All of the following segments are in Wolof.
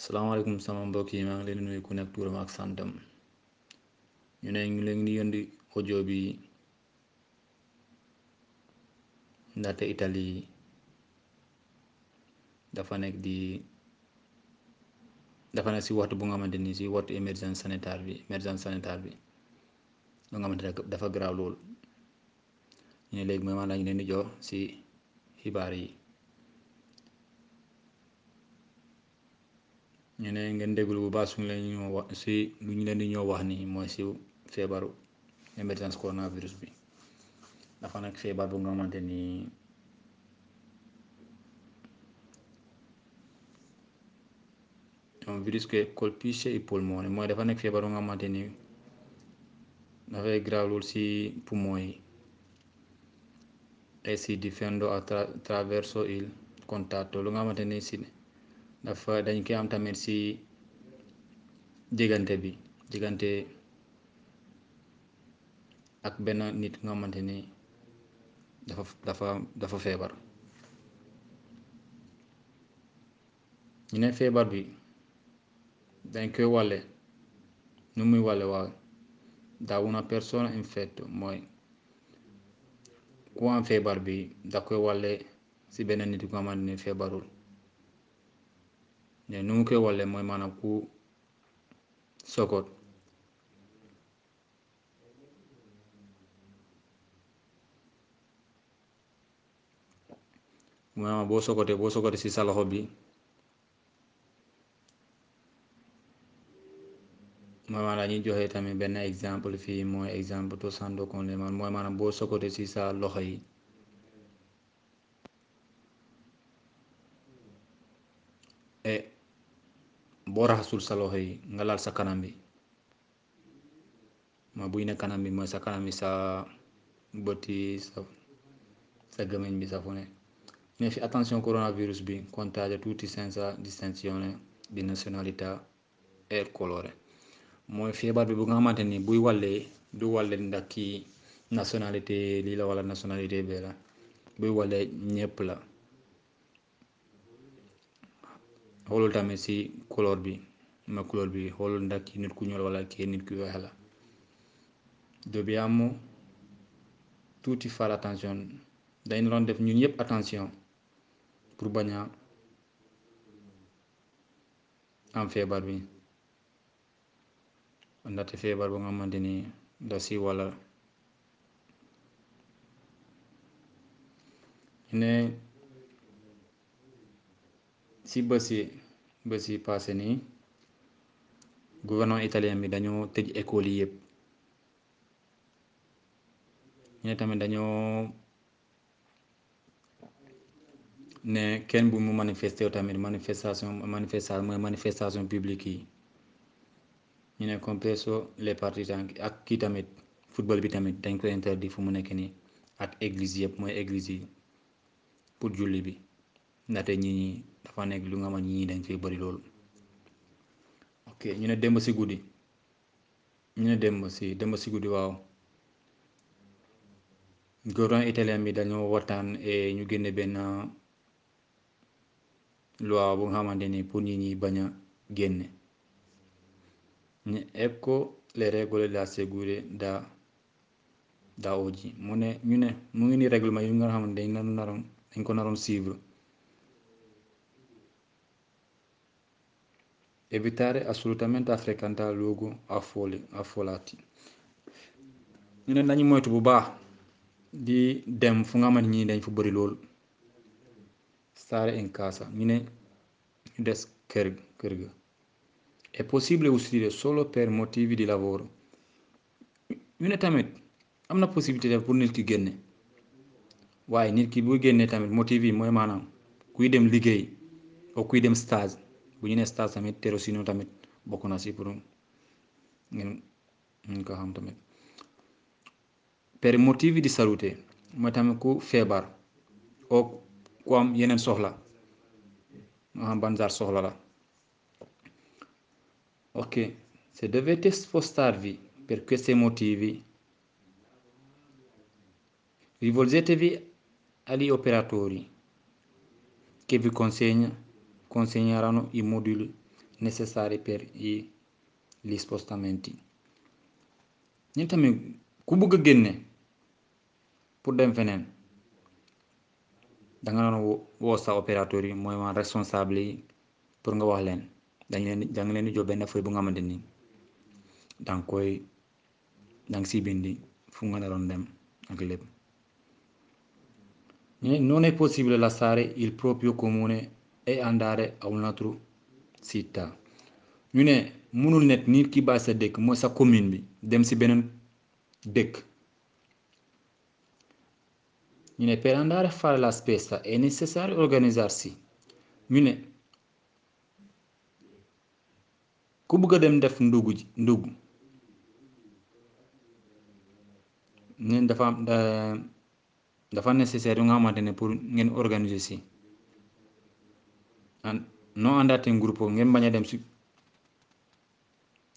salaamaaleykum sama mbokk yi maa ngi leen di nuyu ku nekk turam ak santam ñu ne ñu leen di yëndi audio bi ndaxte Italie dafa nekk di dafa nekk si waxtu bu nga xamante ni si waxtu émergence sanitaire bi émergence sanitaire bi lu nga xamante dafa garaaw lool ñu ne léegi ñu leen di jox si xibaar yi. ñu ne ngeen déglu bu baax suñu leen ñoo wax si lu ñu leen di ñoo wax nii mooy si feebaru émergence coronavirus bi dafa nag feebar bu nga xamante ni un virus que colpisce i polmoni mooy dafa nekk nga xamante ni dafay grawlul si poumon yi et si diffendo a traverso il contatto lu nga xamante ni si dafa dañ koy am tamit si diggante bi diggante ak benn nit nga xamante ni dafa dafa dafa feebar ñu ne feebar bi dañ koy wàlle nu muy wàlle waaw da una persona mooy ku am feebar bi da koy wàlle si benn nit nga xamante ni feebarul ne nu mu koy walle mooy maanaam ku sokoot maanaam boo sokotee boo sokotee ci sa loxo bi mooy maanaam dañuy joxe tamit benn exemple fii mooy exemple to sando konde man mooy maanaam boo sokotee si sa loxo yi e boo raxasul sa loxo yi nga laal sa kanam bi ma buy ne kanam bi mooy sa kanam bi sa bët sa sa bi sa fu ne fi attention coronavirus bi contagia tuuti senza distinzione di nazionalità e colore mooy feebar bi bu nga xamante ni buy wàllee du wàlle ndax kii nationalité lii la wala nationalité bee la buy wàllee ñépp la xoolul tamit si couleur bi ma couleur bi xoolul ndax kii nit ku ñuul wala kii nit ku weex la dobbiamo tuuti fare attention dañ def ñun yëpp attention pour bañ a am feebar bi ndaxte feebar bu nga xamante ni da si wala ne ci bés yi bés yi passé nii gouvernement italien bi dañoo tëj école yi yëpp ñu tamit dañoo ne kenn bu mu manifester tamit manifestation manifestation mooy manifestation publique yi ñu ne complesso les partis ak kii tamit football bi tamit dañ ko interdit fu mu nekk nii ak église yëpp mooy église yi pour julli bi ndaxte ñi ñi dafa nekk lu nga xam ne ñii dañ koy bari loolu ok ñu ne démb si guddi ñu ne démb si démb si guddi waaw gouvernement italien bi dañoo waxtaan e ñu génne benn loi bu nga xamante ni pour ñi ñi bañ a génne ñu eb ko les règles de la sécurité da daa oji mu ne ñu ne mu ngi nii ni ma yu nga xamante dañ naroon dañ ko naroon suivre evitare assolutamente a luogo affollati affolati ñu ne nañu moytu bu baax di dem fu nga xamante ñi dañ fu bari lool stare in casa ñu ne ñu des kër kër ga è possibile uscire solo per motivi di lavoro ñu ne tamit am na possibilité pour nit ki génne waaye nit ki bu génnee tamit motif yi mooy maanaam kuy dem liggéey oo kuy dem stage bu ñu ne stage tamit terosino tamit bokk na si pour ngeen ñu ko xam tamit per motif di saluté mooy tamit ku feebar oo ku am yeneen soxla nga xam ban soxla la ok se dovete spostarvi per questi motivi rivolgetevi agli operatori che vi consegna consegneranno i moduli necessari per i, gli spostamenti ñun tamit ku bëgg a génne pour dem feneen danga doon woo sa opérateur yi mooy man responsable yi pour nga wax leen dañ leen da nga leen di jox benn bu nga ni danga koy danga si bindi fu nga dem ak lépp non è possibile lasciare il proprio comune e andare aw natru altro ñu ne mënul nekk ni ki bàyyi sa dëkk mooy sa commune bi dem si beneen dëkk ñu ne per andare a fare la spesa è necessario organizzarsi ñu ne ku bëgg a dem def ndugg ji ndugg ñu ne dafa eh, dafa nécessaire yu nga xamante ne pour ngeen organiser si noo àndaatee groupe ngeen bañ a dem si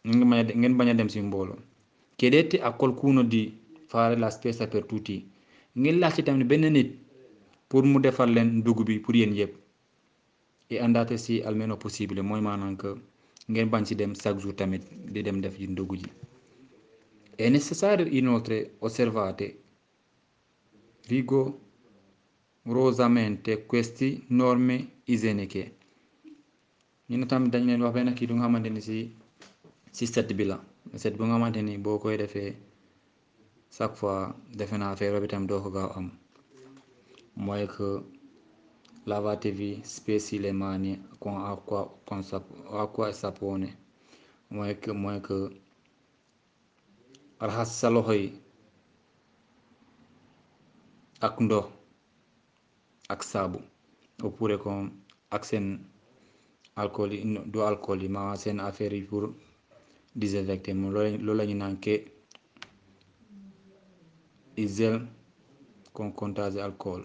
ngeen bañ a ngeen bañ a dem si mbooloo chiedete a di fare la spesa per tutti ngeen laajte tamit benn nit pour mu defar leen dugub bi pour yéen yëpp et àndaate si almeno possible mooy maanaam que ngeen bañ si dem chaque jour tamit di dem def ji ndugg ji è necessario inoltre osservate rigorosamente queste norme igieniche ñu ne tamit dañ leen wax benn kii du nga xamante ni si si set bila la set bu nga xamante ni boo koy defee chaque fois defe naa feebar bi tamit doo ko gaaw am mooy que lavatevi specie le mani con acqua con sapone mooy que mooy que raxas sa yi ak ndox ak saabu oppure comme ak seen alcool yi du alcool yi maanaam seen affaire yi pour désinfecter loolu lañu ñu naan ke gel con contage alcool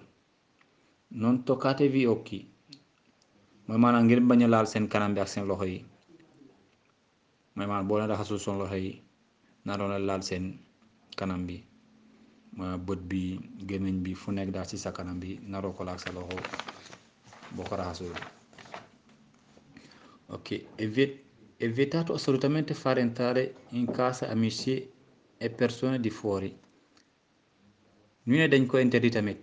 non toccatevi gli occhi mooy maanaam ngir bañ laal seen kanam bi ak seen loxo yi mooy maanaam boo leen raxasul seen loxo yi naa doon la laal seen kanam bi mooy bët bi gémmiñ bi fu nekk daal si sa kanam bi naroo ko laal sa loxo boo ko raxasul ok è e e vietato assolutamente fare entrare in casa amici e persone di fuori ñu ne dañ ko interdit tamit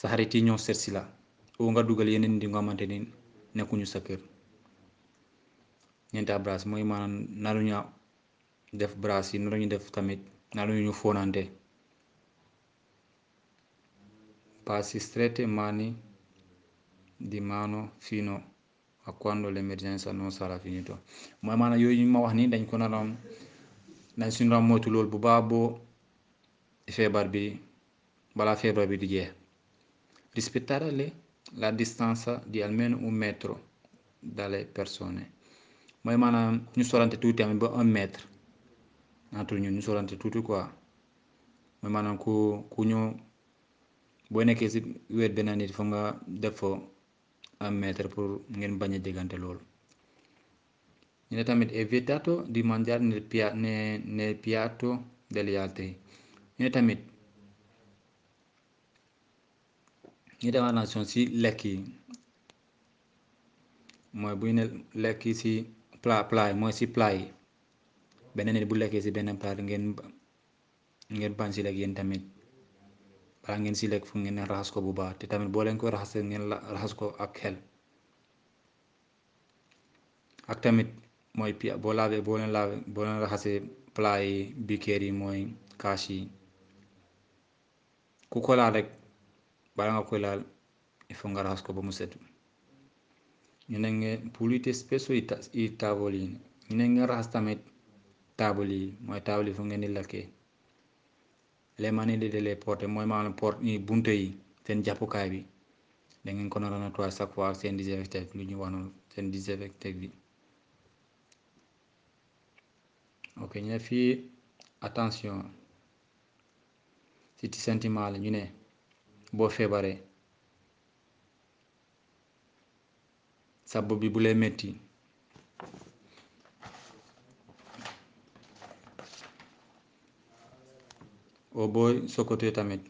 saxarit yi ñoo seet si la oo nga dugal yeneen di nga xamante ni nekkuñu sa kër ñeenti braas mooy maanaam naruñu def braas yi ñu def tamit naruñu fonante pas si strette maani di maano fino a quando l'emergenza non sarà finito mooy maanaam yooyu ñu ma wax ni dañ ko naram dañ suñu ram moytu loolu bu baax boo feebar bi balaa feebar bi di jeex rispettare la distanza di almeno un metro dalle persone mooy maanaam ñu sorante tuuti tamit ba un mètre entre ñun ñu sorante tuuti quoi mooy maanaam ku ku ñëw boo nekkee si wéet benn nit fa nga def un metre pour ngeen bañ a déggante loolu ñu ne tamit evitato di mangiare nel, pia ne, nel piatto degli tamit ñu def attention si lekki mooy bu ñu ne lekk yi si plat plat yi mooy si plat yi beneen nit bu lekkee si benn plat ngeen ngeen bañ si lekk yéen tamit balaa ngeen si lekk fu ngeen neen raxas ko bu baax te tamit boo leen koy raxasee ngeen raxas ko ak xel ak tamit mooy pi boo laabee boo leen laabee boo leen raxasee plat yi bikeer yi mooy kaas yi ku ko laal rek bala nga koy laal il faut nga raxas ko ba mu setu ñu ne ngeen pulite spesso ñu ne ngeen raxas tamit taabal yi mooy taabal yi fu ngeen di lakkee les manees de les portes mooy maanaam porte bunte yi seen jàppukaay bi da ngeen ko nar a nettoyer chaque fois ak seen disinfectant lu ñuy wax noonu seen disinfectant bi ok ñu ne fii attention ci sentiment la ñu ne boo feebaree sa bopp bi bu lay metti Oh booy sokote tamit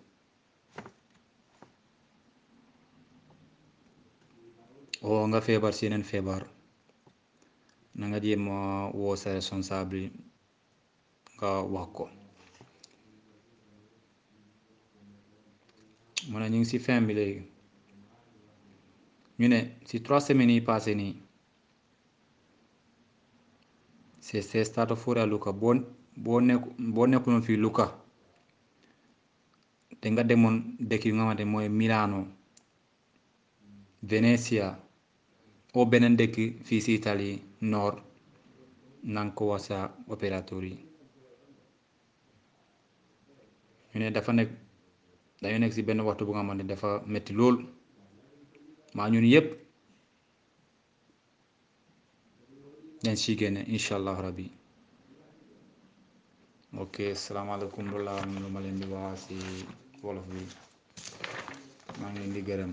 oo oh, nga feebar si yeneen feebar na nga jéem a woo sa responsable nga wax ko mu ne ñu ngi si fin bi léegi ñu ne si trois semaines yi passé nii c'est c'est start of Luka boo boo nekk boo nekkuloon fii Luka te nga demoon dëkk yu nga xamante mooy Milano Venezia o beneen dëkk fii si Italie nord nanga ko wax sa opérateur yi ñu ne dafa nekk dañu nekk si benn waxtu bu nga xamante dafa metti lool maa ñun yëpp dañ si génne incha allah rabbi ok salaamaaleykum loolu laa lu ma leen di wax si wolof bi maa ngi leen di gërëm